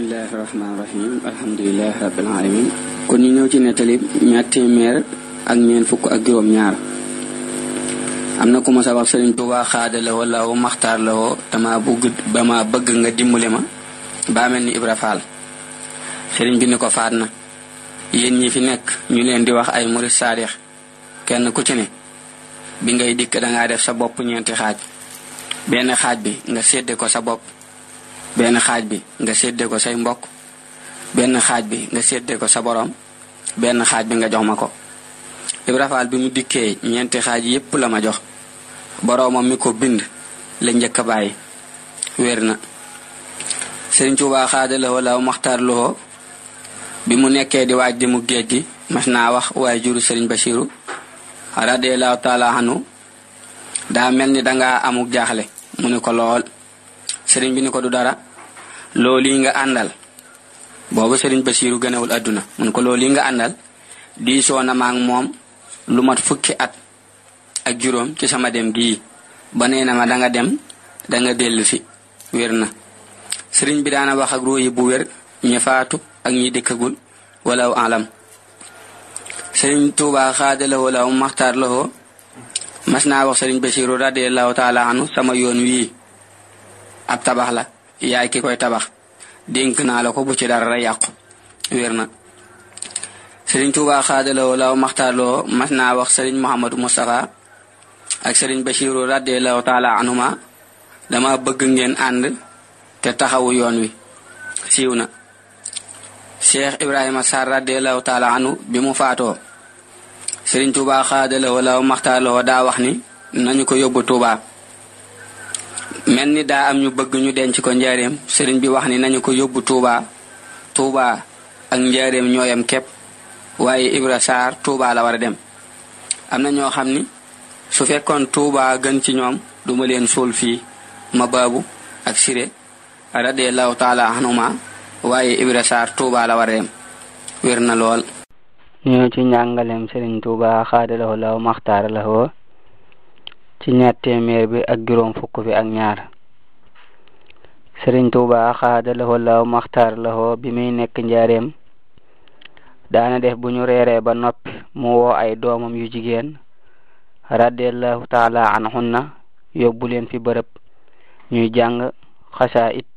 bismillahi rahmaani rahim kon ñu ñëw ci nettali ñaar ak ñeent fukk ak juróom na ku ma sa wax Sëriñ Tuubaa xaada la wala wu bëgg nga dimbale ma mel ni Ibra Faal sëriñ bi ni ko faat na yéen ñi fi nekk ñu leen di wax ay murid saadix kenn ku ci bi ngay dikk dangaa def sa bopp ñeenti xaaj benn xaaj bi nga sédde ko sa bopp benn xaaj bi nga séddee ko say mbokk benn xaaj bi nga séddee ko sa borom benn xaaj bi nga jox ma ko Ibra Faal bi mu dikkee ñeenti xaaj yépp la ma jox boroomam mi ko bind la njëkk a bàyyi wér na Sëriñ Tuubaa xaadalawoo law maxtaar loxo bi mu nekkee di waaj di mu géej gi mas naa wax waaye juru Sëriñ Basiiru radiallahu taala anu daa mel ni danga amuk jaaxle mu ni ko lool sering bi ni ko du dara loli nga andal bobu serigne aduna, gënewul aduna mun ko loli nga andal diisoo na maag mom lu mat fukki at ak juróom ci sama dem gi delusi, na ma da nga dem da nga delu fi wér serigne bi dana wax ak roy bu wer ñi faatu ak ñi dekkagul wala alam sering tu xaadala wala mu lahoo mas masna wax serigne basiiru radiyallahu taala anu sama yoon wi ab tabax la yaay ki koy tabax dénk naa la ko bu ci dara yàqu wér na sëriñ Tuubaa xaadaloo law maxtaarloo mas naa wax sëriñ Mouhamadou Moustapha ak sëriñ Bachiru radiallahu taala anhuma dama bëgg ngeen ànd te taxawu yoon wi siiw na Cheikh Ibrahima Sarr radiallahu taala anhu bi mu faatoo sëriñ Tuubaa xaadaloo law maxtaarloo daa wax ni nañu ko yóbbu Tuubaa mel ni daa am ñu bëgg ñu denc ko njaareem sëriñ bi wax ni nañu ko yóbbu Touba Touba ak njaareem ñooyam képp waaye Ibra Sarr Touba la war a dem am na ñoo xam ni su fekkoon Touba gën ci ñoom duma leen suul fii ma baabu ak siré radiallahu taala anhuma waaye Ibra Sarr Touba la war a dem na lool ñu ci njàngaleem sëriñ Touba xaadalawo law maxtaara lawo ci ñaar téeméer bi ak juróom fukk bi ak ñaar Sëriñ Tuuba xaada la laaw maxtaar la bi muy nekk njaareem daana def bu ñu reeree ba noppi mu woo ay doomam yu jigéen radiallahu taala anhunna yóbbu leen fi bërëb ñuy jàng xasaa it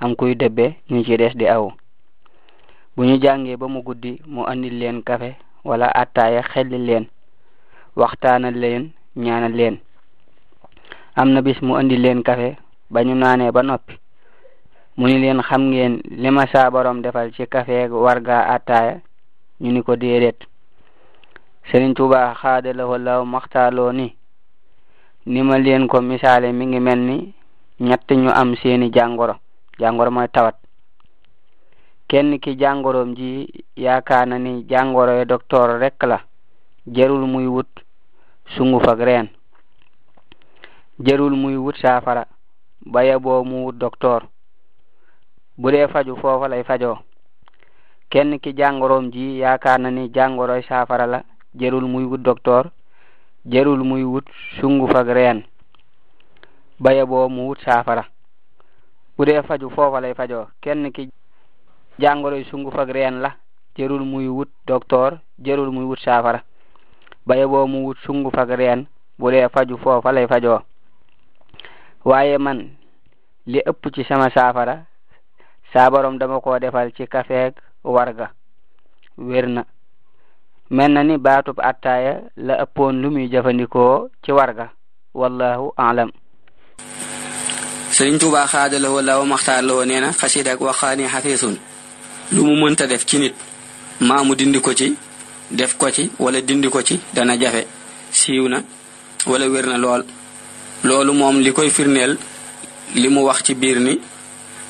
am kuy debe ñu ci des di aw bu ñu jàngee ba mu guddi mu andil leen kafe wala attaaya xelli leen waxtaanal leen ñaanal leen am na bis mu andi leen kafe ba ñu naanee ba noppi mu ni leen xam ngeen li ma defal ci kafe warga attaaya ñu ni ko déedéet Sëriñ Tuuba xaadalawo law maxtaaloo ni ni ma leen ko misaale mi ngi mel ni ñett ñu am seeni jàngoro jàngoro mooy tawat kenn ki jàngoroom ji yaakaar na ni jàngoro doktoor rekk la jarul muy wut sunguf ak reen jërul muy wut saafara baye boo mu wut docteur bu dee faju foofa lay fajoo kenn ki jàngoroom ji yaakaar na ni jàngoroy saafara la jërul muy wut docteur jërul muy wut sunguf ak reen baye boo mu wut saafara bu dee faju foofa lay fajoo kenn ki jàngoroy sunguf ak reen la jërul muy wut docteur jërul muy wut saafara baye boo mu wut sungu fag reen bu dee faju foofa lay fajoo waaye man li ëpp ci sama saafara saabarom dama ko defal ci kafeeg warga wér na mel na ni baatub attaaya la ëppoon lu muy jëfandikoo ci warga wallahu alam sëriñ Tuubaa xaadalawoo laaw maxtaar lawoo nee na xasidak waxaani xafiisun lu mu mënta def ci nit maamu dindi ko ci def ko ci wala dindi ko ci dana jafe siiw na wala wér na lool loolu moom li koy firndeel li mu wax ci biir ni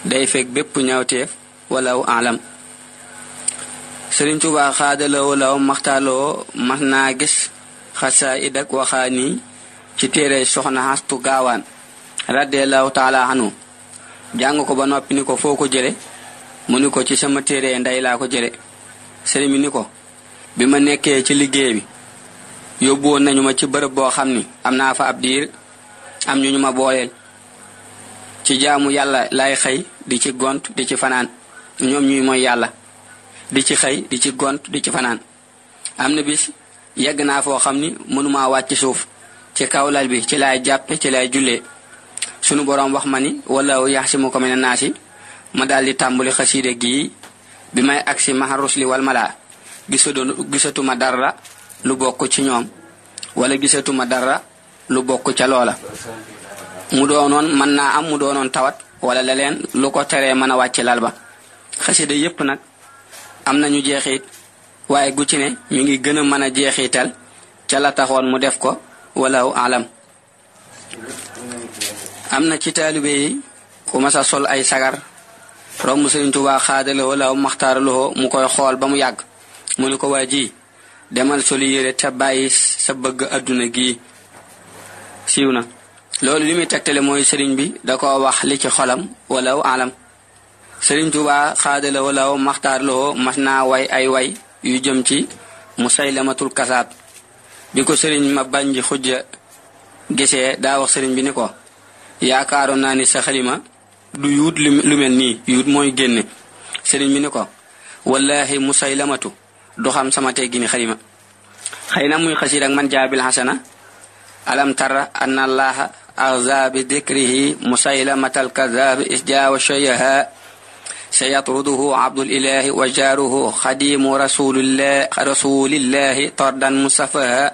day fekk bépp ñaawteef walaw alam Sëriñ Tuubaa xaadaloo law maxtaaloo mas naa gis xasaa id ak waxaa ci téere soxna xastu gaawaan radiallahu taala anu jàng ko ba noppi ni ko foo ko jële mu ni ko ci sama téere nday laa ko jële sëriñ bi ni ko bi ma nekkee ci liggéey bi yóbbuwoon nañu ma ci bërëb boo xam ni am naa fa ab diir am ñu ñu ma booleel ci jaamu yàlla lay xëy di ci gont di ci fanaan ñoom ñuy mooy yàlla di ci xëy di ci gont di ci fanaan am na bis yegg naa foo xam ni mënumaa wàcc suuf ci kaw kawlal bi ci lay jàppe ci laay jullee sunu boroom wax ma ni walla yax si mu ko mel naasi ma daal di tàmbali xasiide gii bi may agsi maharus li wal malaa gisatu gisatuma dara lu bokk ci ñoom wala gisatuma dara lu bokk ca loola mu doonoon mën naa am mu doonoon tawat wala leneen lu ko tere mën a wàcc lal ba xasida yépp nag am na ñu jeexit waaye gu ci ne ñu ngi gën a mën a jeexital ca la taxoon mu def ko wala walaw alam am na ci taalibe yi ku masa sol ay sagar romb Sëriñ Tuubaa xaadalewoo law maxtaaralowoo mu koy xool ba mu yàgg mu ne ko waa ji demal solu yére te bàyyi sa bëgg adduna gi siiw na loolu li muy tegtale mooy sëriñ bi da ko wax li xolam walla walaw alam sëriñ Tuubaa xaadala walaw maxtaar loo mas naa way ay way yu jëm ci mu Musaylamatul Kasaab bi ko sëriñ ma bànji xujja gisee daa wax sëriñ bi ni ko yaakaaroon naa ni sa xalima du yuut lu mel nii yuut mooy génne sëriñ bi ni ko wallahi Musaylamatu du xam sama teggini xarima xëy na muy xasiid ak man jaabil xasana alam tara anna allaha أغزى بذكره مسيلمة الكذاب إذ جاء وشيها سيطرده عبد الإله وجاره خديم رسول الله رسول الله طردا مصفها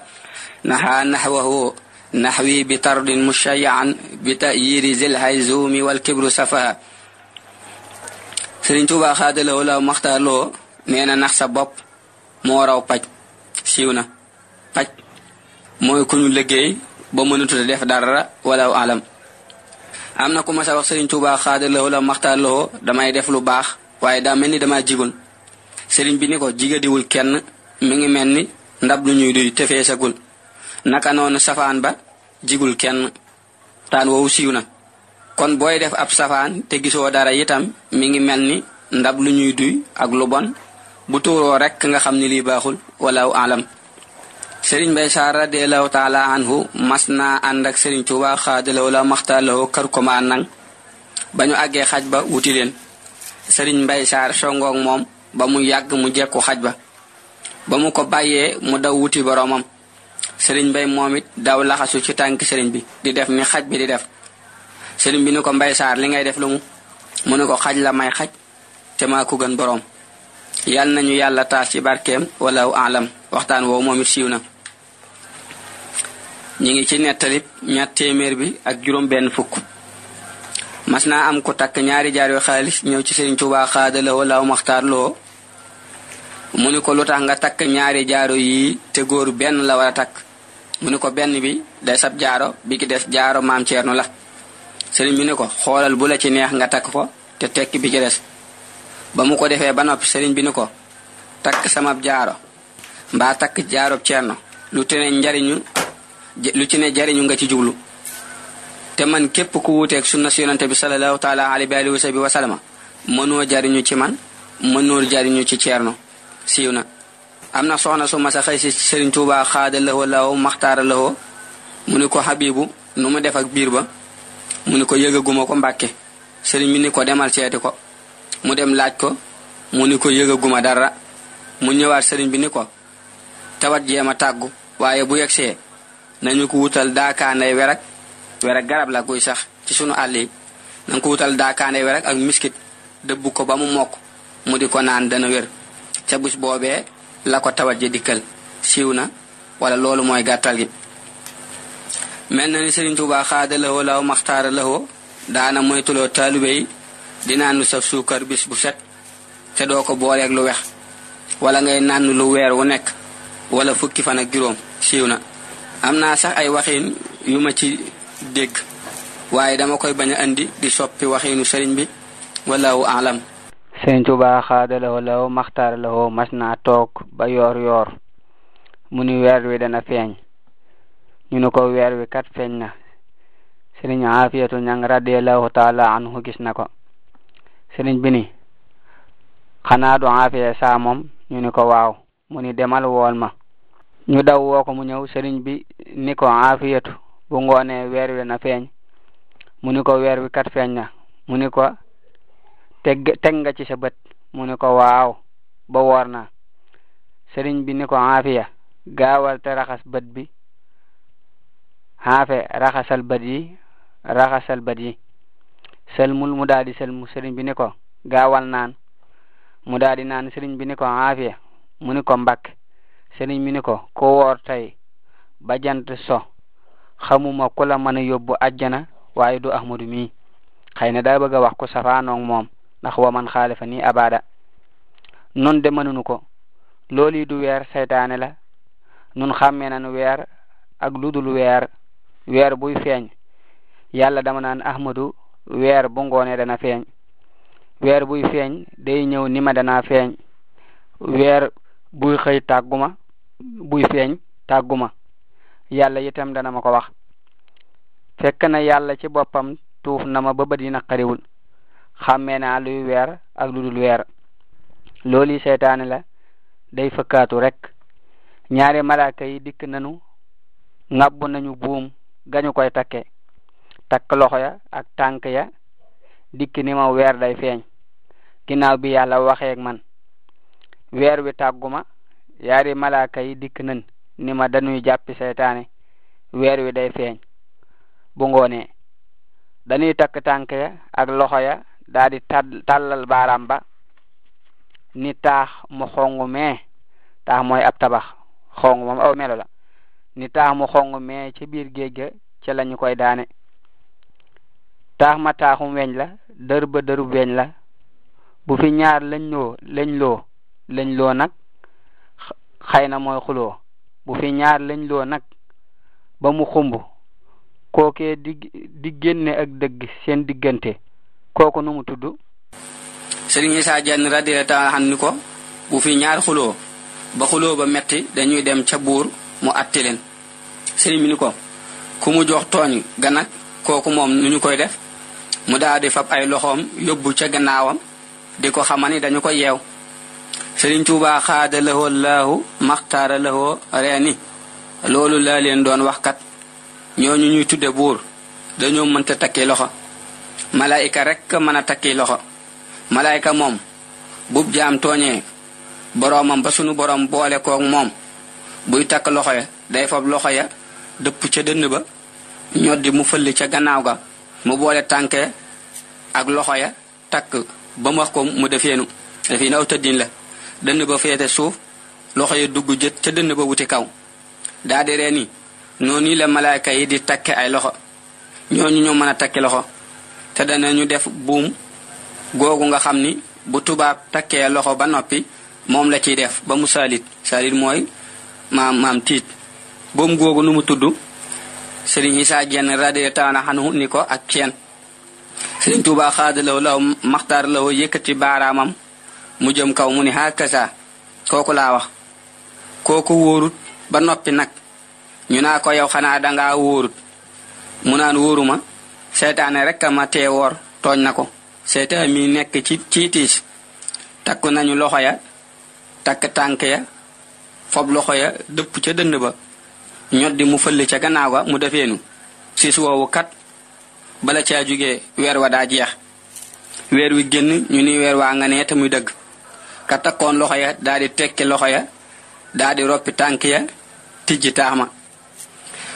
نحى نحوه نحوي بطرد مشيعا بتأيير ذي الهيزوم والكبر سفها سرين توبا خاد له لو مختار له نينا نخسى بوب moo raw paj siiw na paj mooy ku ñu liggéey ba tudde def dara wala alam am na ku ma sa wax sëriñ tuuba xaada la wala maxtaar damay def lu baax waaye daa mel ni dama jibul sëriñ bi ni ko jigadiwul kenn mi ngi mel ni ndab lu ñuy duy te naka noonu safaan ba jigul kenn tan wu siiw kon booy def ab safaan te gisoo dara itam mi ngi mel ni ndab lu ñuy duy ak lu bon bu tuuroo rek nga xam ni lii baaxul walaw alam sëriñ bay saar radiallahu taala anhu masna naa ànd ak sëriñ tuba xaadalaw la maxtaalawoo kër ko maa nang ba ñu àggee xaj ba wuti leen sëriñ mbay saar songoog moom ba mu yàgg mu jekku xaj ba ba mu ko bàyyee mu daw wuti boromam sëriñ mbay moom it daw laxasu ci tànk sëriñ bi di def mi xaj bi di def sëriñ bi ni ko mbay saar li ngay def lu mu mu ne ko xaj la may xaj te maa ko gën borom yal nañu yàlla taas ci barkeem wala alam waxtaan woo moom it siiw na ñu ngi ci nettalib ñaar téeméer bi ak juróom benn fukk mas na am ku takk ñaari jaar xaalis ñëw ci Sëriñ Tuubaa wala maxtaar mu ni ko lu tax takk ñaari jaaro yi te góor benn la war a takk mu ni ko benn bi day sab jaaro bi ki des jaaro maam Ceerno la sëriñ bi ni ko xoolal bu la ci neex nga takk ko te tekki bi ci des ba mu ko defee ba noppi sëriñ bi ni ko takk samab jaaro mbaa takk jaaro jaarob ceerno lu te ne njariñu lu ci ne jariñu nga ci jublu te man képp ku wuuteeg sunna si yonante bi salallahu taala alayhi wa alihi wa sahbihi wa mënoo jariñu ci man mënoo jariñu ci ceerno siiw na am na soxna su masa xëy si sëriñ tuubaa xaada lëxoo lawo maxtaara lëxoo mu ni ko xabibu nu mu def ak biir ba mu ni ko yëgaguma ko mbàkke sëriñ bi ni ko demal seeti ko mu dem laaj ko mu ni ko yëgaguma dara mu ñëwaat sëriñ bi ni ko tawat jéem a tàggu waaye bu yegsee nañu ko wutal daakaanday werak werak garab la kuy sax ci sunu àll yi nañ ko wutal daakaanday werak ak miskit dëbb ko ba mu mokk mu di ko naan dana wér ca bis boobe la ko tawat ji dikkal siiw na wala loolu mooy gàttal gi mel na ni sëriñ Tuubaa xaada lahoo law maxtaara lahoo daana moytuloo taalube yi di naan lu saf suukar bis bu set te doo ko booleek lu weex walla ngay naan lu weer wu nekk wala fukki fan ak juróom siiw na am naa sax ay waxin yu ma ci dégg waaye dama koy bañ a andi di soppi waxinu sëriñ bi wallahu alam sëriñ Tuubaa xaadalawo law mas naa toog ba yoor yoor mu ni weer wi dana feeñ ñu ne ko weer wi kat feeñ na sëriñ Aafiyatu Ñaŋ radiallahu taala anhu gis na ko sëriñ bi ni xanaa du aafiya saa moom ñu ni ko waaw mu ni demal wool ñu daw woo ko mu ñëw sëriñ bi ni ko aafiyatu bu ngoonee weer wi na feeñ mu ni ko weer wi kat feeñ na mu ni ko teg teg nga ci sa bët mu ni ko waaw ba woor na sëriñ bi ni ko aafiya gaawal te raxas bët bi xaafe raxasal bët yi raxasal bët yi selmul mu daal di selmu sëriñ bi ni ko gaawal naan mu daal di naan sëriñ bi ni ko aafiya mu ni ko mbak sëriñ bi ko ko woor tey so xamuma ku la mën a yóbbu ajjana waaye du ahmadu mi xëy na daa bëgg a wax ku safaanoog moom ndax wa man xaalifa nii abada nun de mënunu ko loolu yi weer seytaane la nun xàmmee nañu weer ak ludul weer weer buy feeñ yàlla dama naan ahmadu weer bu ngoonee dana feeñ weer buy feeñ day ñëw ni ma dana feeñ weer buy xëy tàgguma buy feeñ tàgguma yàlla itam dana ma ko wax fekk na yàlla ci boppam tuuf na ma ba bët yi naqariwul xàmmee naa luy weer ak lu dul weer loolu seytaane la day fëkkaatu rek ñaari malaaka yi dikk nanu ŋàbb nañu buum gañu koy takke takk loxo ya ak tànk ya dikk ni weer day feeñ ginnaaw bi yàlla waxeeg man weer wi tàgguma yaari malaaka yi dikk nan ni ma dañuy jàppi seytaane weer wi day feeñ bu ngoonee dañuy takk tànk ya ak loxo ya daa di tàllal baaraam ba ni taax mu xongu mee taax mooy ab tabax xongu moom aw melo la ni taax mu xongu mee ci biir géej ga ci lañu koy daane taax ma taaxum weñ la dër ba weñ la bu fi ñaar lañ loo lañ loo nag xëy na mooy xuloo bu fi ñaar lañ loo nag ba mu xumb kookee di di ak dëgg seen diggante kooku nu mu tudd Sëriñ Isaa Jeen radiyallaahu taala ni ko bu fi ñaar xuloo ba xuloo ba metti dañuy dem ca buur mu àtti leen sëriñ bi ni ko ku mu jox tooñ ga nag kooku moom nu ñu koy def mu daal fab ay loxoom yóbbu ca gannaawam di ko xamal ni dañu ko yeew Sëriñ Tuubaa xaada lahoo laahu maxtaara lahoo reeni loolu laa leen doon waxkat ñooñu ñuy tudde buur dañoo mënta takki loxo malaayika rekk mën a takki loxo malaayika moom bub jaam tooñee boroomam ba sunu borom boole koog moom buy takk loxo ya day fab loxo ya dëpp ca dënn ba ñoddi mu fëll ca gannaaw ga mu boole tànke ak loxo ya takk ba mu wax ko mu def yéenu def yéenu aw tëddin la dënn ba féete suuf loxo yi dugg jët ca dënn ba wuti kaw daa di ree ni noonu la malaayka yi di takke ay loxo ñooñu ñoo mën a takki loxo te dana ñu def buum googu nga xam ni bu tubaab takkee loxo ba noppi moom la ciy def ba mu saalit saalit mooy maam maam tiit buum googu nu mu tudd sëriñ Isaa jenn radiyallaahu anhu ni ko ak ceen sëriñ Tuubaa xaadalaw law maxtaar law yëkkati baaraamam mu jëm kaw mu ni hakaza kooku laa wax kooku wóorut ba noppi nag ñu naa ko yow xanaa danga wóorut mu naan wóoruma seetaane rekk ma tee woor tooñ na ko seytaan mi nekk ci ci tiis takk nañu loxo ya takk tànk ya fob loxo ya dëpp ca dënn ba ñoddi mu fëll ca gannaaw ga mu defeenu siis woowu kat bala caa jóge weer wa daa jeex weer wi génn ñu ni weer waa nga nee te muy dëgg ka takkoon loxo ya daa tekki loxo ya daa di roppi tànk ya tijji taaxma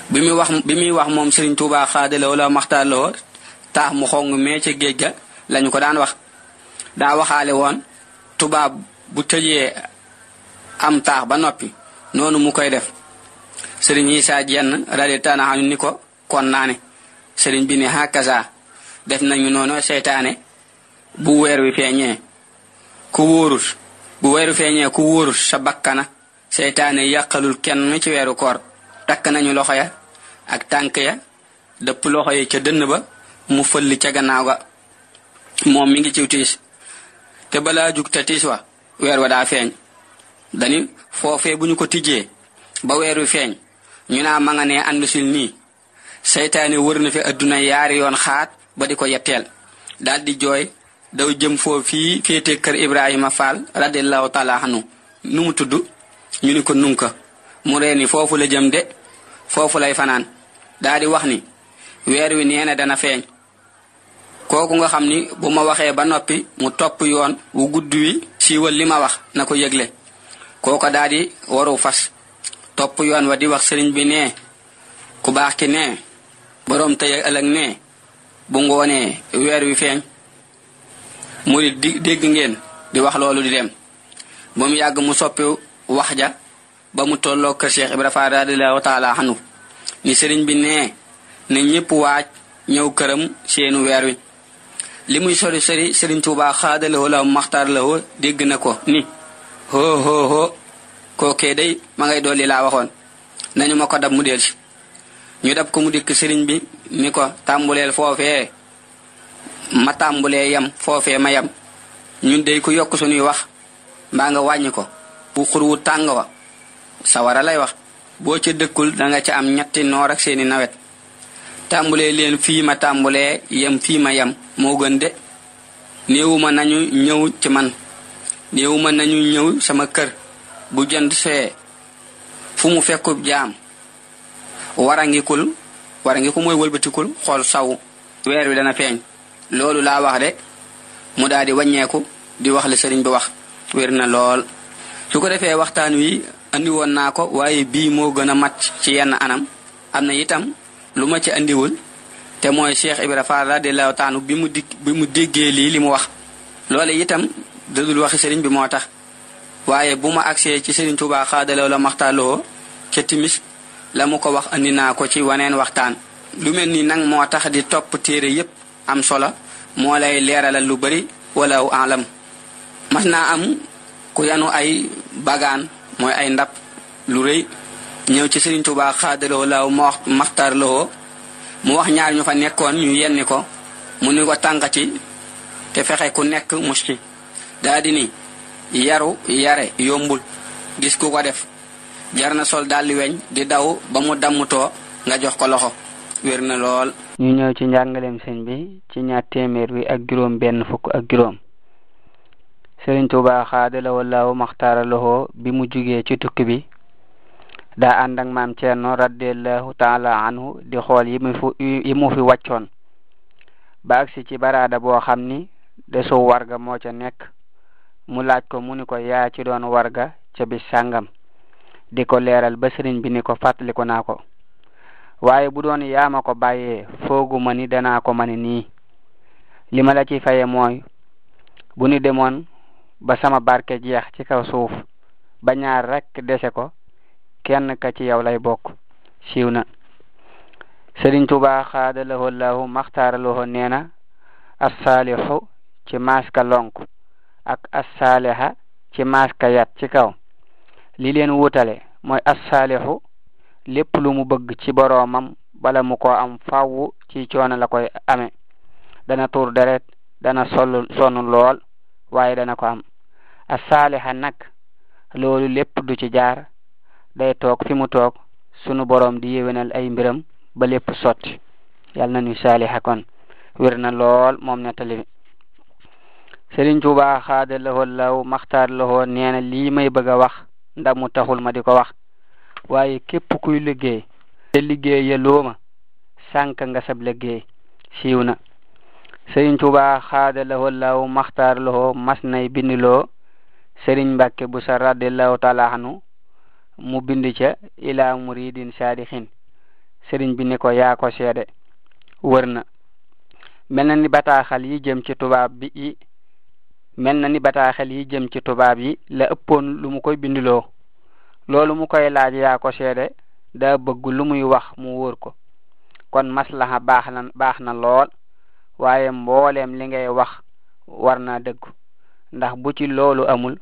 bi muy wax bi muy wax moom Sëriñ Tuubaa xaadalawo la taax mu xong mee ca géej ga lañu ko daan wax daa waxaale woon tubaab bu tëjee am taax ba noppi noonu mu koy def sëriñ Isaa Jenn radiyallaahu anhu ni ko kon naa ne sëriñ bi ne hakaza def nañu noonu seytaane bu weer wi feeñee ku wóorut bu weer wi feeñee ku wóorut sa bakkana seytaane yàqalul kenn ci weeru koor takk nañu loxo ya ak tànk ya dëpp loxo ca dënn ba mu fëlli ca gannaaw ga moom mi ngi ciw tiis te balaa jug te tiis wa weer wa daa feeñ dani foofee bu ñu ko tijjee ba weer wi feeñ ñu naa ma nga nee andusil nii seytaane wër na fi adduna yaari yoon xaat ba di ko yetteel daldi jooy daw jëm foofu fii féete kër Ibrahima Fall radiallahu taala anu nu mu tudd ñu ni ko nunka mu ree ni foofu la foofu lay fanaan daal wax ni weer wi nee dana feeñ kooku nga xam ni bu ma waxee ba noppi mu topp yoon wu gudd wi siiwal li ma wax na ko yëgle kooko daal di fas topp yoon wa di wax sëriñ bi ne ku baax ki ne boroom tey ak ëllëg ne bu ngoonee weer wi feeñ murit di dégg ngeen di wax loolu di dem ba mu yàgg mu soppi wax ja ba mu tolloo kër Cheikh Ibra Fall radiyallahu taala anhu ni sëriñ bi nee ne ñépp waaj ñëw këram seenu weer wi li muy sori sori sëriñ Tuubaa xaadalawoo la maxtaar lawoo dégg na ko ni hoo hoo kookee day ma ngay dooli laa waxoon nañu ma ko dab mu del si ñu dab ko mu dikk sëriñ bi ni ko tàmbuleel foofee ma tàmbulee yam foofee ma yam ñun day ku yokk suñuy wax mbaa nga wàññi ko bu xurwu tàng wa sa wara lay wax boo ca dëkkul danga ca am ñetti noor ak seeni nawet tàmbulee leen fii ma tàmbulee yam fii ma yam moo gën de neewuma nañu ñëw ci man neewuma nañu ñëw sama kër bu jënd fee fu mu fekkub jaam warangikul warangiku mooy wëlbatikul xool saw weer wi dana feeñ loolu laa wax de mu daal di wàññeeku di wax li sëriñ bi wax wér na lool su ko defee waxtaan wi andi woon naa ko waaye bii moo gën a mat ci yenn anam am na yitam lu ma ci andiwul te mooy Cheikh Ibra Fall radiyallahu taanu bi mu dig bi mu déggee lii li mu wax loole itam dadul waxi sëriñ bi moo tax waaye bu ma agsee ci Serigne Touba xaadalaw la maxtaaloo ca timis la mu ko wax andi naa ko ci waneen waxtaan lu mel ni nag moo tax di topp téere yépp am solo moo lay leeralal lu bari walaw alam mas naa am ku yanu ay bagaan mooy ay ndab lu rëy ñëw ci Serigne Touba xaadaloo law ma wax mu wax ñaar ñu fa nekkoon ñu yenni ko mu ni ko tànq ci te fexe ku nekk mus ci daa yaru yare yombul gis ko def jar na sol daldi weñ di daw ba mu dammutoo nga jox ko loxo wér na lool ñu ñëw ci njàngaleem sëñ bi ci ñaar téeméer bi ak juróom benn fukk ak juróom sëriñ Tuubaa xaadala wallaahu maxtaara loxo bi mu jugee ci tukki bi daa ànd ak maam Ceerno radiallahu taala anhu di xool yi mu fi yi ba agsi ci baraada boo xam ni desu warga moo ca nekk mu laaj ko mu ni ko yaa ci doon warga ca bis sàngam di ko leeral ba sëriñ bi ni ko fàttaliku naa ko waaye bu doon yaa ko bàyyee foogu ma ni danaa ko mane nii li ma la ci faye mooy bu ni demoon ba sama barke jeex ci kaw suuf ba ñaar rekk dese ko kenn ka ci yow lay bokk siiw na sëriñ Tuubaa xaada lahoo lahu maxtaara lahoo nee na assaalihu ci maaska lonk ak assaaliha ci maska yat ci kaw li leen wutale mooy assaalihu lépp lu mu bëgg ci boroomam bala mu ko am faww ci coono la koy ame dana tuur deret dana sol sonn lool waaye dana ko am assaaliha nag loolu lépp du ci jaar day toog fi mu toog sunu boroom di yéwénal ay mbiram ba lépp sotti yàlla na ñu kon wér na lool moom nettali Sëriñ Tuubaa xaada lahoo law maxtaar lahoo nee lii may bëgg a wax mu taxul ma di ko wax waaye képp kuy liggéey te liggéey ya looma sànk nga sab liggéey siiw na Sëriñ Tuubaa xaada lahoo law maxtaar lahoo mas nay bindiloo Sëriñ Mbàkke bu sa radiallahu taala anhu mu bind ca ilaa muridin saadixin sëriñ bi ko yaa ko seede wër na mel yi jëm ci tubaab bi i mel na ni bataaxel yi jëm ci tubaab yi la ëppoon lu mu koy bindiloo loolu mu koy laaj yaa ko seede daa bëgg lu muy wax mu wóor ko kon maslaha baax na baax na lool waaye mbooleem li ngay wax war naa dëggu ndax bu ci loolu amul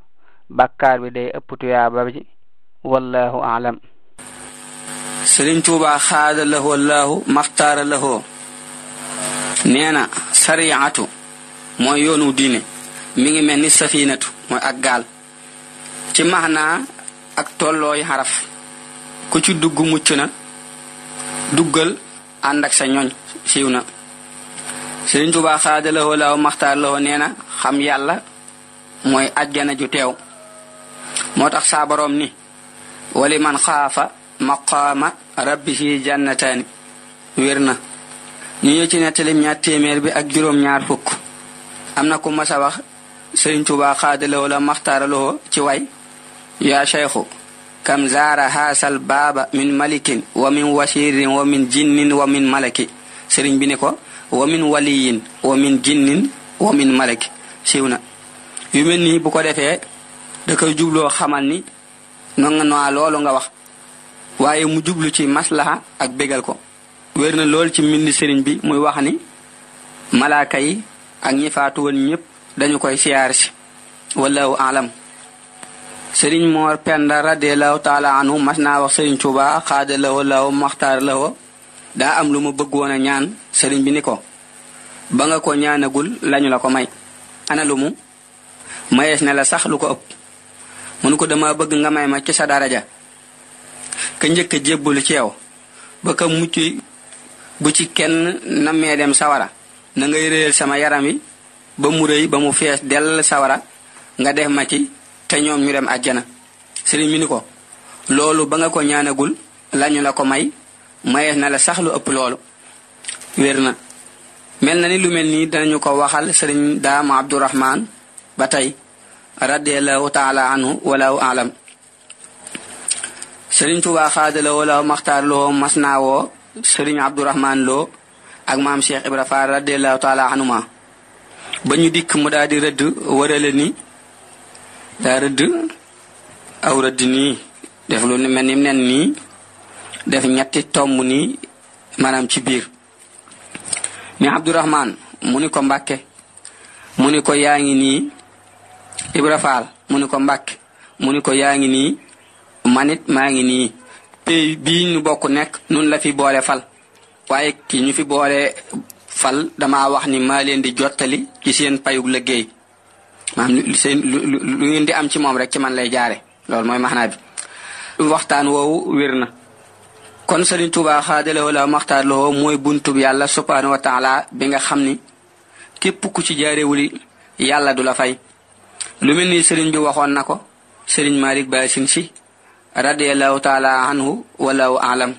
bakkar bi day ëpp tuyaaba ji wallahu aalam sëriñ tuuba xaada lahoo laahu maxtaara lahoo nee na sariatu mooy yoonu mi ngi mel ni safinatu mooy ak gaal ci maxnaa ak tollooy xaraf ku ci dugg mucc na duggal ànd sa ñoñ siiw na Sëriñ Tuubaa xaadalawoo laaw maxtaar lawoo nee na xam yàlla mooy ajjana ju teew moo tax saa ni wali man xaafa maqaama rabbihi jannataani wér na ñu ñëw ci nettalim ñaar téeméer bi ak juróom ñaar fukk am na ku mas a sëriñ Tuubaa xaadalawo la maxtaaralowoo ci way yaa cheikhu kam zaara haasal baaba min malikin wa min wasirin wa min jinnin wa min malaki sëriñ bi ne ko wa min waliyin wa min na yu mel nii bu ko defee da koy jubloo xamal ni no nga loolu nga wax waaye mu jublu ci maslaha ak bégal ko wér na lool ci mbindi sëriñ bi muy wax ni malaaka ak ñi faatu woon ñépp dañu koy siyaar si wallahu alam sëriñ moor penda radiallahu taala anhu mas naa wax sëriñ tuuba xaada lawo lawo maxtaar lawo daa am lu ma bëgg woona ñaan sëriñ bi ni ko ba nga ko ñaanagul lañu la ko may ana lu mu mayees ne la sax lu ko ëpp mënu ko dama bëgg nga may ma ci sa daraja ka njëkk a jébbalu ci yow ba ka mucc bu ci kenn nammee dem sawara na ngay réyal sama yaram wi ba mu rëy ba mu fees dell sawara nga def ma ci te ñoom ñu dem àjjana sëriñ mi ni ko loolu ba nga ko ñaanagul lañu la ko may mayees na la sax lu ëpp loolu wér na mel na ni lu mel nii danañu ko waxal sëriñ daama abdourahman ba tey radiallahu taala anhu walaahu alam sëriñ tubaa xaadaloo walaahu maxtaar loo mas naawoo sëriñ abdourahman loo ak maam cheikh ibra faar radiallahu taala anhuma bañu ñu dikk mu daal di rëdd warale ni daa rëdd aw rëdd nii def lu mel ni nen ni def ñetti tomb ni maanaam ci biir ni abdurahman mu ni ko mbàkke mu ni ko yaa ngi nii mu ni ko mbàkke mu ni ko yaa ngi manit maa ngi nii pay bii ñu bokk nekk nun la fi boole fal waaye ki ñu fi boole fal damaa wax ni maa leen di jottali ci seen payug liggéey maanaam seen lu ngeen di am ci moom rek ci man lay jaare loolu mooy maxnaa bi waxtaan woowu wér kon Sëriñ Tuubaa xaadalewoo la maxtaar mooy buntub yàlla subhaanahu wa taala bi nga xam ni képp ku ci jaarewuli yàlla du la fay lu mel ni sëriñ bi waxoon ko sëriñ Malik Baasin Si radiyallahu taala anhu wallahu alam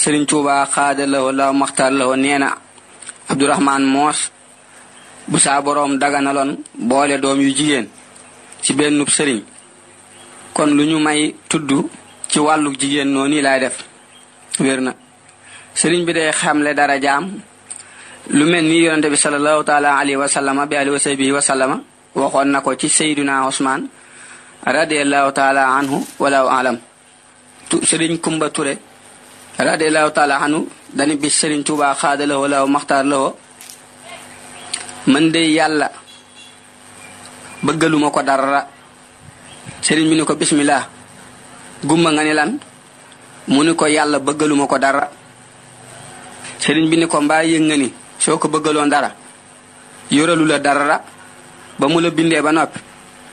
sëriñ Tuubaa xaada la wala maxtaar la woon nee na Abdourahman moos bu saa boroom daganaloon boole doom yu jigéen ci bennub sëriñ kon lu ñu may tudd ci wàllu jigéen noonu laay def wér sëriñ bi day xamle dara jaam lu mel ni yonente bi salallahu taala alayhi wa sallama wa sahbihi ko ci sayduna Usmaan radiallahu taala anhu walaw alam sëriñ Kumba Ture radiallahu taala hanu, dani bis serigne touba khadalahu wala makhtar lo man de yalla beugaluma ko dara serigne mi ko bismillah gumma ngani lan mu ko yalla beugaluma ko dara serigne bi ni ko mba nga soko bëggalon dara yoralu la dara ba mu la binde ba nopi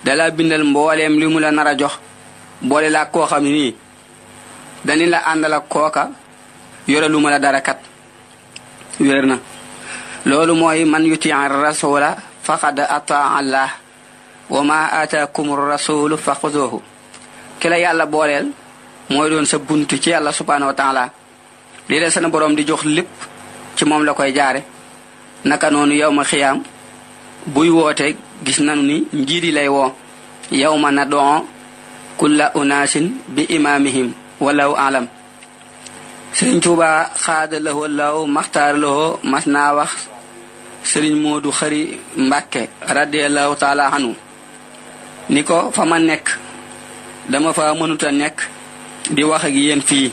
dala bindal mbolem limu la nara jox bolela la ko xamni dani la andala koka yore lu ma dara kat wér na loolu mooy man yuti rasula faqad ataa allah wa ma ataakum rasulu fa xuzuhu ki yàlla booleel mooy doon sa bunt ci yàlla subhanahu wa taala lii la di jox lépp ci moom la koy jaare naka noonu yow ma xiyaam buy woote gis nanu ni njiit yi lay woo yow na don kulla unaasin bi imaamihim walaw alam sëriñ Tuubaa xaada lahoo law maxtaar lahoo mas naa wax sëriñ du Xari Mbàkke radiallahu taala anhu ni ko fa ma nekk dama fa mënut nekk di wax ak yéen fii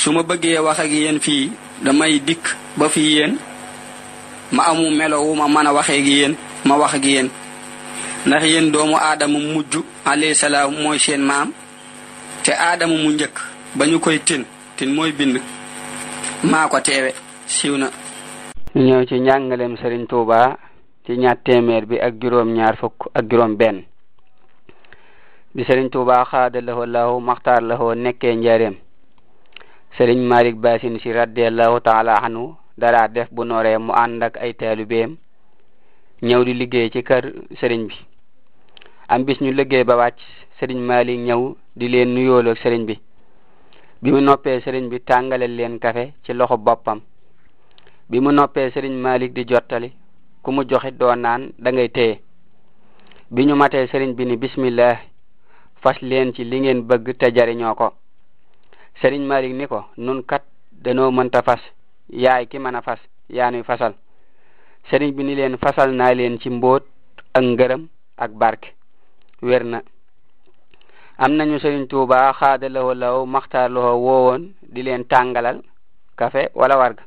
su ma bëggee wax ak yéen fii damay dikk ba fi yéen ma amu melowu ma mën a waxee ma wax ak ndax yéen doomu aadama mujj alayhi salaam mooy seen maam te aadama mu njëkk ba ñu koy tën tin mooy bind maa ko teewe siiw na ñu ñëw ci njàngaleem Sëriñ Tuuba ci ñaar téeméer bi ak juróom ñaar fukk ak juróom benn bi Sëriñ Tuuba xaada lahoo lahu maxtaar lahoo nekkee njaareem Sëriñ Malik Basin si radiallahu taala anhu dara def bu nooree mu ànd ak ay taalibeem ñëw di liggéey ci kër sëriñ bi am bis ñu liggéey ba wàcc Sëriñ Malik ñëw di leen nuyooloo ak sëriñ bi bi mu noppee sëriñ bi tàngalel leen kafe ci loxo boppam bi mu noppee sëriñ Malik di jottali ku mu joxe doo naan da ngay téye bi ñu matee sëriñ bi ni bismillah fas leen ci lingeen bëgg te jariñoo ko sëriñ Malik ni ko nun kat danoo fas yaay ki mën a fas yaanuy fasal sëriñ bi ni leen fasal naa leen ci mbóot ak ngërëm ak barke wér am nañu Sëriñ Tuuba xaada lawo law maxtaar lawo woowoon di leen tàngalal kafe wala warga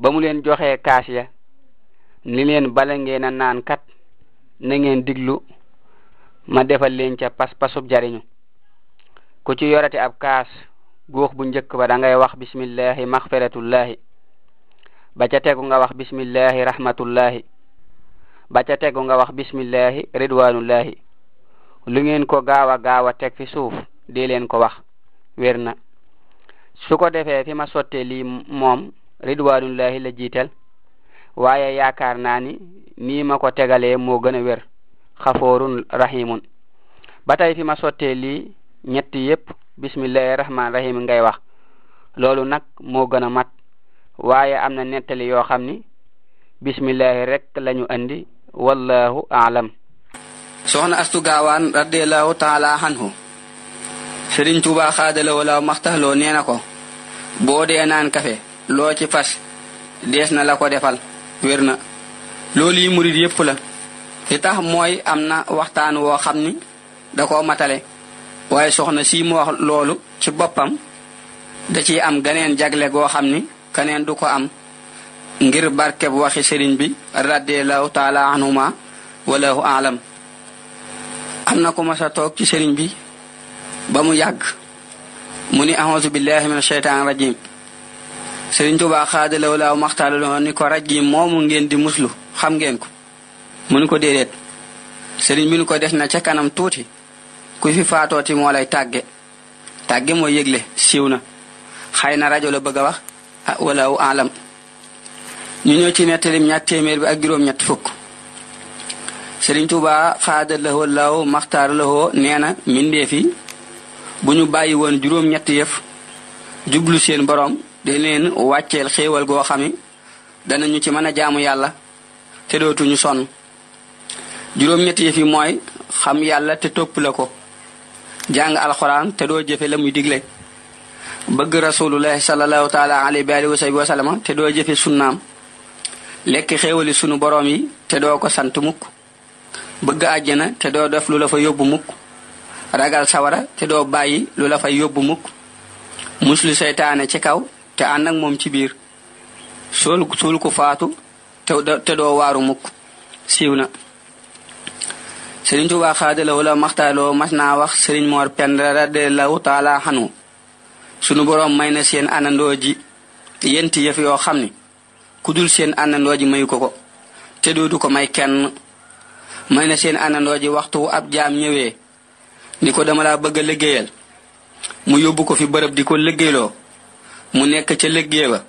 ba mu leen joxee kaas ya ni leen bala ngeen a naan kat na ngeen diglu ma defal leen ca pas pasub jariñu ku ci yorate ab kaas góox bu njëkk ba da ngay wax bismillahi maxfiratullahi ba ca tegu nga wax bismillahi rahmatullahi ba ca tegu nga wax bismillahi ridwanullahi lu ngeen ko gaaw a gaaw a teg fi suuf di leen ko wax wér na su ko defee fi ma sottee lii moom ridwanullahi la jiital waaye yaakaar naa ni nii ma ko tegalee moo gën a wér xafoorun rahimun ba tey fi ma sottee lii ñetti yépp bismillahi rahman rahim ngay wax loolu nag moo gën a mat waaye am na nettali yoo xam ni bismillahi rek lañu andi wallahu aalam soxna astu gaawaan radiallahu taala anhu sëriñ tuuba xaadala wala maxtaxloo nee na ko boo dee naan kafe loo ci pas dees na la ko defal wér na loolu yi murit yépp la li tax mooy am na waxtaan woo xam ni da koo matale waaye soxna si mu loolu ci boppam da ciy am ganeen jagle goo xam ni kaneen du ko am ngir barkeb waxi sëriñ bi radiallahu taala anhuma walahu alam am na ko mas a toog ci sëriñ bi ba mu yàgg mu ni auzu billahi min sheytaan rajim sëriñ Tuubaa xaadalaw laaw maxtaalaloon ni ko rajim moomu ngeen di muslu xam ngeen ko mu ni ko déedéet sëriñ bi ni ko des na ca kanam tuuti ku fi faatooti moo lay tàgge tàgge mooy yëgle siiw na xëy na rajo la bëgg a wax ah wala alam ñu ñëw ci nettalim ñaar téeméer bi ak juróom-ñett fukk Sëriñ Tuuba xaada lahoo maxtaar lahoo nee na mbindeef bu ñu bàyyi woon juróom-ñetti yëf jublu seen borom dañ leen wàcceel xéewal goo xami ñu ci mën a jaamu yàlla te dootuñu sonn juróom-ñetti yëf mooy xam yàlla te topp la ko jàng alxuraan te doo jëfe la muy digle bëgg rasulullahi salallahu taala alayhi wa alihi wa te doo jëfe sunnaam lekk xéewali sunu borom yi te doo ko sant mukk bëgg àjjana te doo def lu la fa yóbbu mukk ragal sawara te doo bàyyi lu lafa yóbbu mukk muslu seytaane ci kaw te ànd ak moom ci biir suul suul faatu te doo waaru mukk siiw na sëriñ Tuubaa xaadalawu la maxtaaloo mas naa wax sëriñ Moor Penda radiyallaahu taala xanu sunu boroom may na seen àndandoo ji yent yëf yoo xam ni ku dul seen àndandoo ji mayu ko ko te doodu ko may kenn may na seen àndandoo ji waxtu ab jaam ñëwee ni ko dama laa bëgg a liggéeyal mu yóbbu ko fi bërëb di ko liggéeyloo mu nekk ca liggéey ba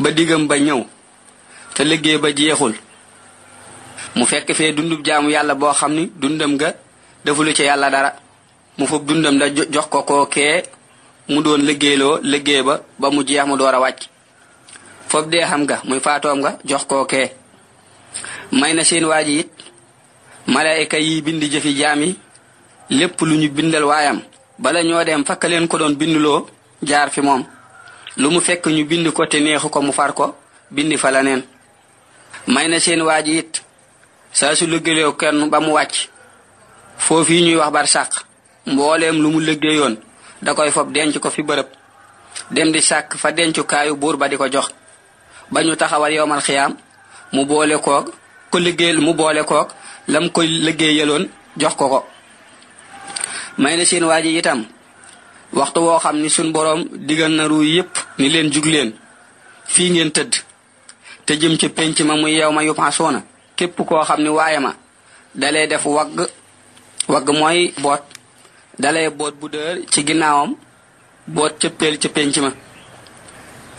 ba diggam ba ñëw te liggéey ba jeexul mu fekk fee dundub jaamu yàlla boo xam ni dundam ga defulu ca yàlla dara mu fob dundam da jox ko koo kee mu doon liggéeyloo liggéey ba ba mu jeex mu door a wàcc fob dee xam nga muy faatoom nga jox koo may na seen waaji it malaayika yi bindi jëfi jaami lépp lu ñu bindal waayam bala ñoo dem fakka leen ko doon bindloo jaar fi moom lu mu fekk ñu bind ko te neexu ko mu far ko bindi fa laneen may na seen waaji it saa su lëggaleew kenn ba mu wàcc foofu yi ñuy wax bar sàq mbooleem lu mu lëggeeyoon da koy fob denc ko fi bërëb dem di sàkk fa denc kaayu buur ba di ko jox ba ñu taxawal yowmal xiyaam mu boole koog ko lëggéeyal mu boole koog lam koy liggéeyaloon jox ko ko may na seen waa ji itam waxtu woo xam ni suñ boroom digal na yépp ni leen jug leen fii ngeen tëdd te jëm ca pénc ma mu yow ma yuppasoona képp koo xam ni waaye ma dalay def wagg wagg mooy boot dalay boot bu dër ci ginnaawam boot ca péel ca pénc ma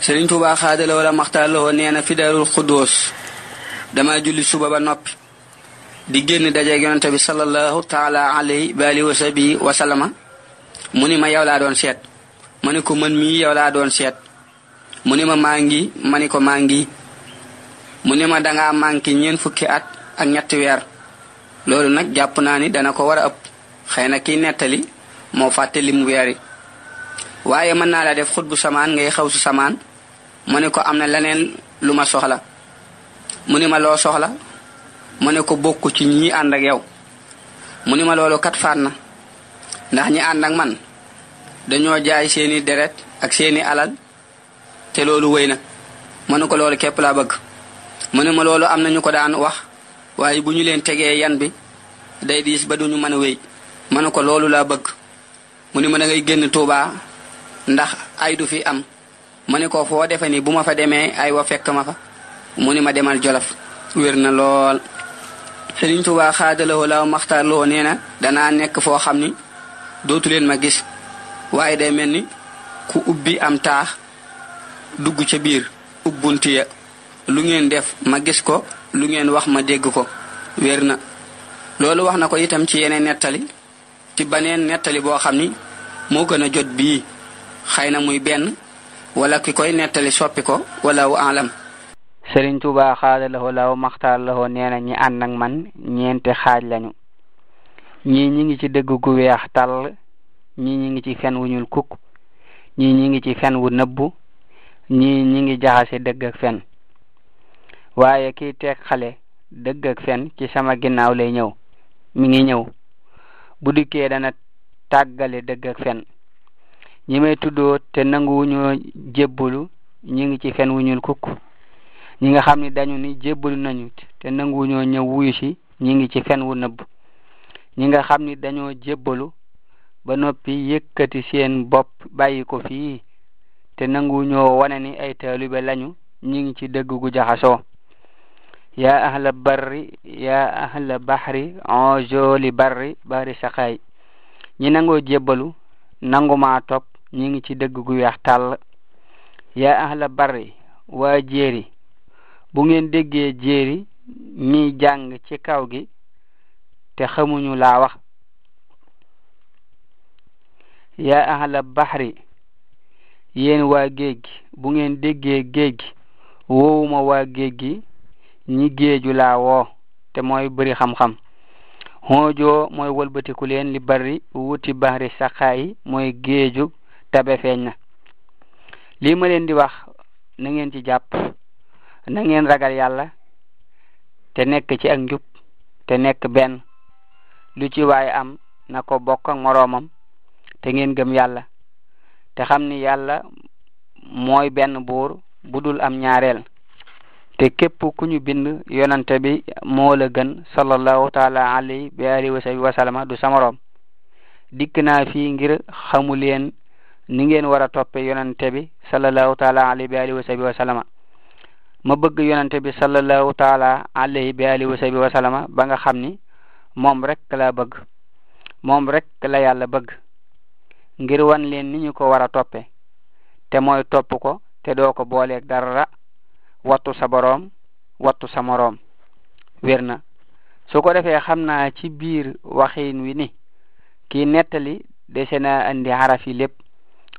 Sëriñ Tuubaa xaadala wala maxtaar la nee na fi darul xuddoos dama julli suba ba noppi di génn dajeeg yonente bi salallahu taala alayhi wa alihi wa sabi wa sallama mu ni ma yow laa doon seet ma ni ko man mii yow laa doon seet mu ni ma maa ngi ma ni ko maa ngi mu ni ma dangaa manqué ñeen fukki at ak ñetti weer loolu nag jàpp naa dana ko war a ëpp xëy na kiy nettali moo fàtte lim weeri waaye mën naa la def xutbu samaan ngay xaw su samaan mu ni ko am soxla mu ni soxla mu ne ko bokk ci ñi ànd ak yow mu ni ma loolu kat faat na ndax ñi ànd ak man dañoo jaay seeni deret ak seeni alal te loolu wéy na ma ko loolu képp laa bëgg mu ne ma loolu am na ko daan wax waaye bu leen tegee yan bi day diis ba mën a wéy ma ne ko loolu laa bëgg mu ni ma ngay génn Tuubaa ndax ay du fi am ma ne ko foo defe ni bu ma fa demee ay wa fekk ma fa mu ma demal Jolof wér na lool Sëriñ Tuubaa xaadalawoo laaw maxtaar lawoo nee na danaa nekk foo xam ni dootuleen ma gis waaye day mel ni ku ubbi am taax dugg ca biir ubbunti ya lu ngeen def ma gis ko lu ngeen wax ma dégg ko wér na loolu wax na ko itam ci yeneen nettali ci baneen nettali boo xam ni moo gën a jot bii xëy na muy benn walla ki koy nettali soppi ko wala wu Sëriñ Tuubaa xaada lahoo law maxtaar lahoo nee na ñi ànd man ñeenti xaaj lañu ñii ñi ngi ci dëgg gu weex tàll ñii ñi ngi ci fen wu ñuul kukk ñii ñi ngi ci fen wu nëbbu ñii ñi ngi jaxase dëgg ak fen waaye ki teg xale dëgg fen ci sama ginnaaw lay ñëw mu ngi ñëw bu dikkee dana tàggale dëgg fen ñi may tuddoo te nanguwuñoo jébbulu ñi ngi ci fen wu ñuul kukk ñi nga xam ni dañu ni jébbalu nañu te nanguwuñoo ñëw wuyu si ñi ngi ci fen wu nëbb ñi nga xam ni dañoo jébbalu ba noppi yëkkati seen bopp bàyyi fii te nanguwuñoo wane ni ay taalibe lañu ñi ngi ci dëgg gu jaxasoo yaa ahla barri yaa ahla bahri on joli barri barri saqaay ñi nangoo jébbalu nangumaa topp ñi ngi ci dëgg gu weex tàll yaa ahla barri waa jéeri bu ngeen déggee jéeri mi jàng ci kaw gi te xamuñu la wax yaa ahla baxri yéen waa géej bu ngeen déggee géej gi woowuma waa géej gi ñi géeju la woo te mooy bëri xam-xam hoojoo mooy walbatiku leen li bari wuti baxri saqaayi mooy géeju tabe feeñ na lii leen di wax na ngeen ci jàpp na ngeen ragal yàlla te nekk ci ak njub te nekk benn lu ci waay am na ko bokk ak moroomam te ngeen gëm yàlla te xam ni yàlla mooy benn buur bu dul am ñaareel te képp ku ñu bind yonante bi moo la gën sallallahu taala alayhi bi alihi wa sahbi wasallama du samaroom dikk naa fii ngir xamu leen ni ngeen war a toppe yonante bi sallallahu taala alayhi bi alihi wa sahbi wasallama ma bëgg yonante bi sallallahu taala alayhi bi alihi wa sahbi wa sallama ba nga xam ni moom rek la bëgg moom rek la yàlla bëgg ngir wan leen ni ñu ko war a toppe te mooy topp ko te doo ko booleeg dara wattu sa wattu sa moroom wér na su ko defee xam naa ci biir waxiin wi ni ki nettali dese na andi xaraf lépp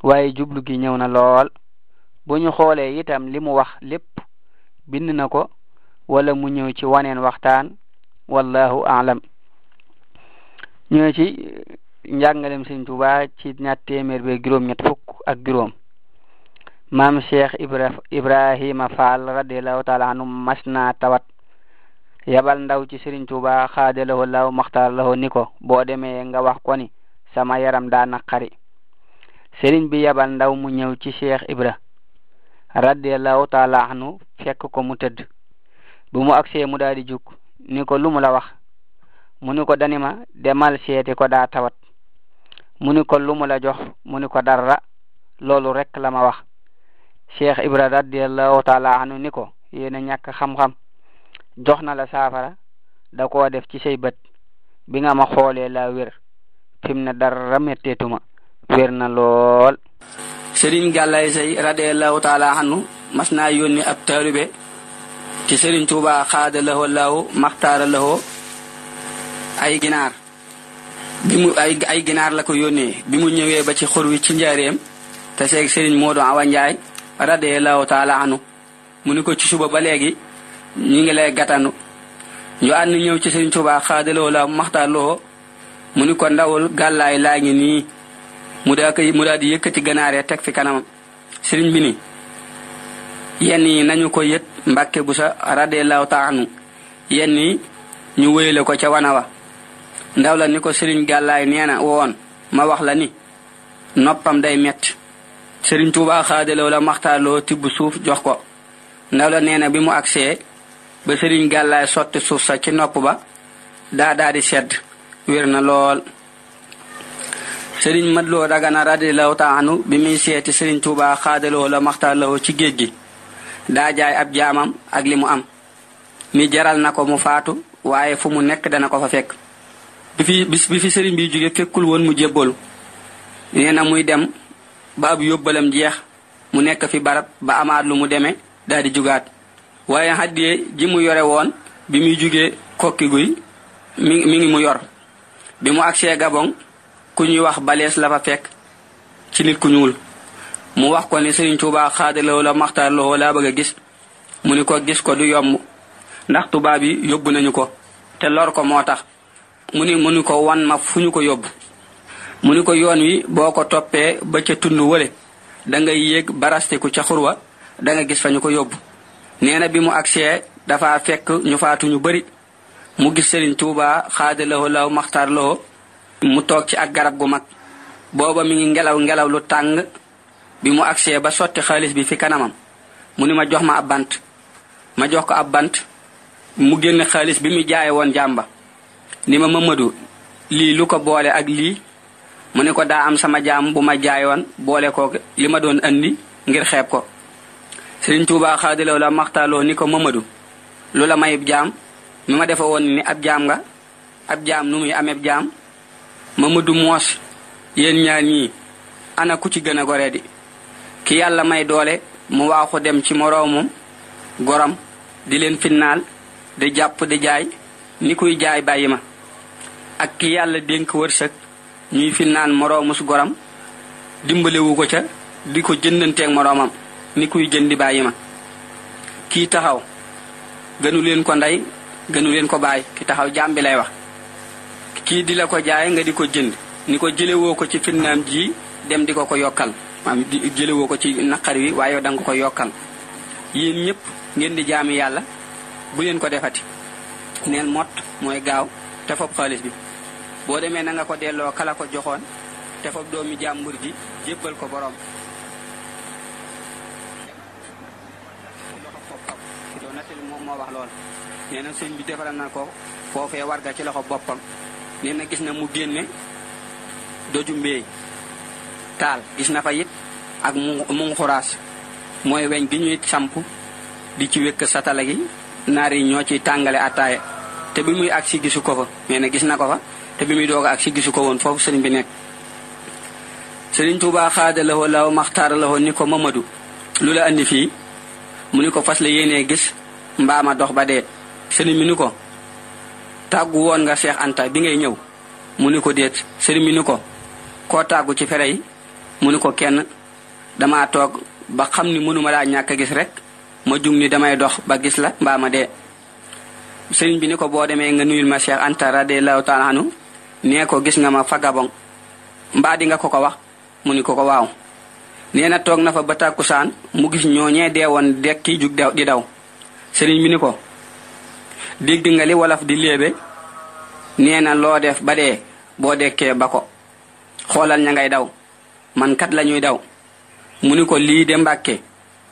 waaye jublu gi ñëw na lool bu ñu xoolee itam li wax lépp bind na ko wala mu ñëw ci waneen waxtaan wallahu alam ñëw ci eh, njàngalem sëñ Tuba ci ñatt téeméer be juróom ñett fukk ak juróom maam cheikh ibrahima fall radiallahu taala anu mas tawat yabal ndaw ci sëriñ Tuba xaadalawo law maxtaar lawo ni ko boo demee nga wax ko ni sama yaram daa naqari sëriñ bi yabal ndaw mu ñëw ci cheikh ibra radiallahu taala anhu fekk ko mu tëdd bu mu agsee mu daal di jug ni ko lu mu la wax mu ni ko danima demal seeti ko daa tawat mu ni ko lu mu la jox mu ni ko dara loolu rek la ma wax cheikh ibra radiallahu taala anhu ni ko yéena ñàkk xam-xam jox na la saafara da koo def ci say bët bi ma xoolee laa wér fi dara metteetuma wér na lool sëriñ gàllaay say radiallahu taala anhu mas naa yónni ab taalibe ci sëriñ tuuba xaada lahoo laahu maxtaara lahoo ay ginaar bi mu la ko yónnee bi mu ñëwee ba ci xur wi ci njaareem te seeg sëriñ Moodu Awa Njaay radiallahu taala anhu mu ni ko ci suba ba léegi ñu ngi lay gatanu ñu ànd ñëw ci sëriñ tuuba xaada lahoo laahu maxtaar lahoo mu ni ko ndawul gàllaay laa ngi mu daa mu daa di yëkkati ganaaree teg fi kanam sëriñ bi ni yenn yi nañu ko yët mbàkke bu sa radiallahu taanu yenn yi ñu wéyale ko ca wana wa ndaw la ni ko sëriñ gàllaay nee na woon ma wax la ni noppam day metti sëriñ tuubaa xaadaloo la maxtaaloo tibb suuf jox ko ndaw la nee na bi mu agsee ba sëriñ gàllaay sotti suuf sa ci nopp ba daa sedd wér na lool sëriñ Madloo Dagana radiyallahu taala anhu bi muy seeti sëriñ Tuubaa xaadaloo la maxtaaloo ci géej gi daa jaay ab jaamam ak li mu am mi jaral na ko mu faatu waaye fu mu nekk dana ko fa fekk bi fi sëriñ bi jóge fekkul woon mu jébbalu nee na muy dem ba ab yóbbalam jeex mu nekk fi barab ba amaat lu mu demee daal di jugaat waaye xaddiyee ji mu yore woon bi muy jugee kokki guy mi mi ngi mu yor bi mu agsee Gabon ku ñuy wax balees la fa fekk ci nit ku ñuul mu wax ko ni Sëriñ Tuubaa xaadalawoo la maxtaar lowoo laa bëgg a gis mu ni ko gis ko du yomb ndax tubaab yi yóbbu nañu ko te loor ko moo tax mu ni mu ni ko wan ma fu ñu ko yóbbu mu ni ko yoon wi boo ko toppee ba ca tund wële da ngay yéeg barastiku ca xurwa da nga gis fa ñu ko yóbbu nee na bi mu agsee dafa fekk ñu faatu ñu bari mu gis Sëriñ Tuubaa xaadalawoo law maxtaar lowoo mu toog ci ak garab gu mag booba mi ngi ngelaw ngelaw lu tàng bi mu agsee ba sotti xaalis bi fi kanamam mu ni ma jox ma a bant ma jox ko ab bant mu génn xaalis bi mu jaaye woon jàmba ni ma Mamadu lii lu ko boole ak lii mu ne ko daa am sama jaam bu ma jaayoon boole ko li ma doon indi ngir xeeb ko Sëriñ Tuubaa xaadalaw la maxtaaloo ni ko mëmadu lu la mayib jaam mi ma defe woon ni ab jaam nga ab jaam nu muy ameeb jaam Mamadou Moos yéen ñaar ñii ana ku ci gën a gore di ki yàlla may doole mu waaxu dem ci moroomum goram di leen finnaal di jàpp di jaay ni kuy jaay bàyyi ma ak ki yàlla dénk wërsëg ñuy finnaan moroomus goram dimbalewu ko ca di ko jëndanteeg moroomam ni kuy jëndi bàyyi ma kii taxaw gënu leen ko ndey gënu leen ko bàyyi ki taxaw jaam lay wax kii di la ko jaay nga di ko jënd ni ko jëlewoo ko ci fitnaam ji dem di ko ko yokkal maam jëlewoo ko ci naqar wi waaye danga nga ko yokkal yéen ñépp ngeen di jaami yàlla bu leen ko defati neel mott mooy gaaw te fob xaalis bi boo demee na nga ko delloo kala ko joxoon te fob doomi jàmbur ji jébbal ko borom loxo moom moo wax lool nee bi defaral na ko foofee warga ci loxo boppam nee gis na mu génne doju mbéy taal gis na fa it ak mu mooy weñ gi ñuy samp di ci wékk satala gi naar yi ñoo ci tàngale attaaya te bi muy ak si gisu ko fa nee gis na ko fa te bi muy doog ak si gisu ko woon foofu sëriñ bi nekk sëriñ tuuba xaada la law maxtaara la ni ko mamadu lu la andi fii mu ni ko fas la yéenee gis mbaama dox ba dee sëriñ mi ni tàggu woon nga Cheikh Anta bi ngay ñëw mu ni ko déet sëriñ bi ni ko koo tàggu ci fere yi mu ni ko kenn dama toog ba xam ni mënuma daa ñàkk a gis rek ma jug ni damay dox ba gis la mbaa ma dee sëriñ bi ni ko boo demee nga nuyul ma Cheikh Anta radiyallahu taala anhu nee ko gis nga ma fa Gabon mbaa di nga ko ko wax mu ni ko ko waaw nee na toog na fa ba tàkkusaan mu gis ñooñee deewoon dekki jug di daw sëriñ bi ni ko diggali walaf di léebe nee na loo def ba dee boo dekkee ba ko xoolal ña ngay daw man kat la ñuy daw mu ni ko lii de mbàkke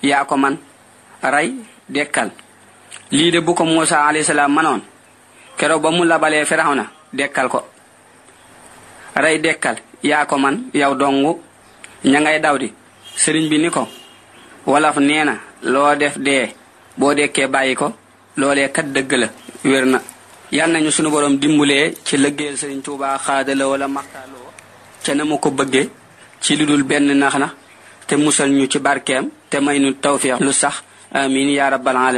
yaa ko man rey dekkal lii de bu ko Moussa alayhisalaam manoon kero ba mu labalee firaw na dekkal ko rey dekkal yaa ko man yow dongu ña ngay daw di sëriñ bi ni ko walaf nee na loo def dee boo dekkee bàyyi ko loolee kat dëgg la wér na yal nañu sunu borom dimbulee ci lëggeel Sëriñ Tuubaa xaadala wala maxtaaloo ca na mu ko bëggee ci lu dul benn nax na te musal ñu ci barkeem te may nu tawfiix lu sax amin ya rabbal